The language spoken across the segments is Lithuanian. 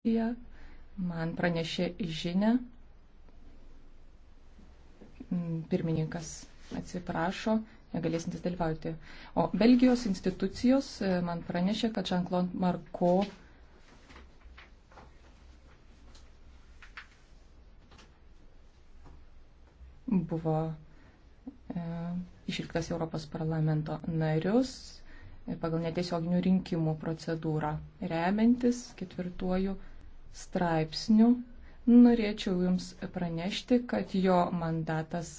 Jie man pranešė žinę. Mm, pirmininkas atsiprašo, negalėsintis dalyvauti. O Belgijos institucijos e, man pranešė, kad Jean-Claude Marko buvo e, išrinktas Europos parlamento narius e, pagal netiesioginių rinkimų procedūrą, remiantis ketvirtuoju straipsnių, norėčiau Jums pranešti, kad jo mandatas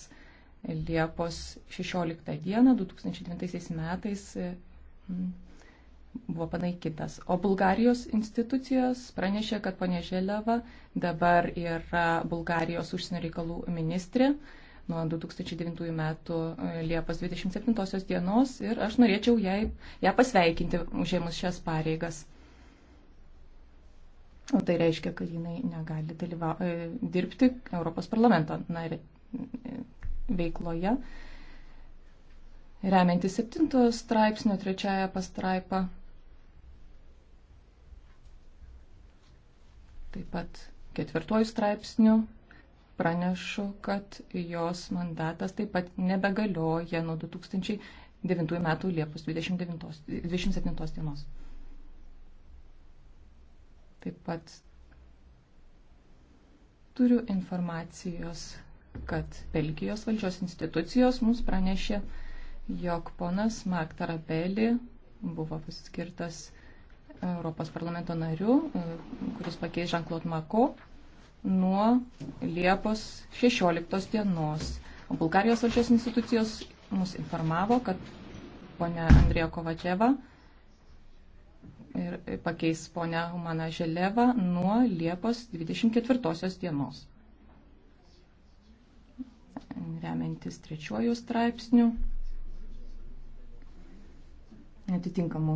Liepos 16 dieną 2009 metais buvo panaikintas. O Bulgarijos institucijos pranešė, kad ponė Želeva dabar yra Bulgarijos užsienio reikalų ministrė nuo 2009 metų e, Liepos 27 dienos ir aš norėčiau jai, ją pasveikinti užėmus šias pareigas. O tai reiškia, kad jinai negali dalyva, e, dirbti Europos parlamento nari, e, veikloje. Remiantis 7 straipsnio 3 pastraipą. Taip pat ketvirtuoju straipsniu pranešu, kad jos mandatas taip pat nebegalioja nuo 2009 metų Liepos 29, 27 dienos. Taip pat turiu informacijos, kad Belgijos valdžios institucijos mums pranešė, jog ponas Mark Tarabeli buvo paskirtas Europos parlamento nariu, kuris pakeis Jean-Claude Mako nuo Liepos 16 dienos. O Bulgarijos valdžios institucijos mus informavo, kad ponia Andrija Kovačeva ir pakeis ponę Humaną Želevą nuo Liepos 24 dienos. Remiantis trečiuoju straipsniu, atitinkamų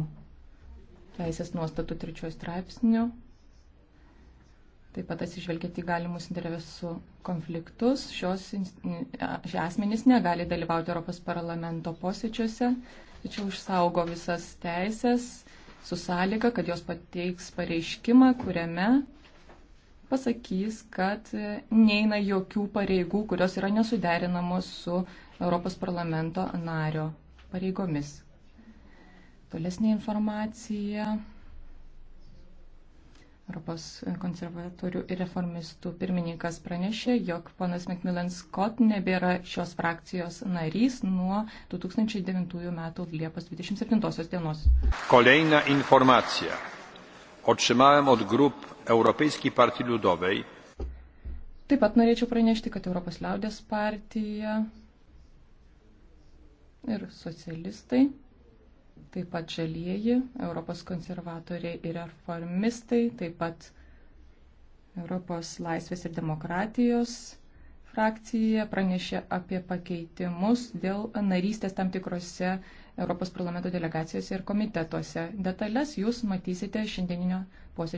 teisės nuostatų trečiuoju straipsniu, taip pat atsižvelgiant į galimus interesų konfliktus, šios šie asmenys negali dalyvauti Europos parlamento posėdžiuose, tačiau išsaugo visas teisės su sąlyga, kad jos pateiks pareiškimą, kuriame pasakys, kad neina jokių pareigų, kurios yra nesuderinamos su Europos parlamento nario pareigomis. Tolesnė informacija. Europos konservatorių ir reformistų pirmininkas pranešė, jog ponas Macmillan Scott nebėra šios frakcijos narys nuo 2009 metų Liepos 27 dienos. Kolejna informacija. Otrzymałem od grup Europejskiej Partii Ludowej. Taip pat norėčiau pranešti, kad Europos liaudės partija ir socialistai taip pat žalieji, Europos konservatoriai ir reformistai, taip pat Europos laisvės ir demokratijos frakcija pranešė apie pakeitimus dėl narystės tam tikrose Europos parlamento delegacijose ir komitetuose. Detales jūs matysite šiandieninio posėdžio.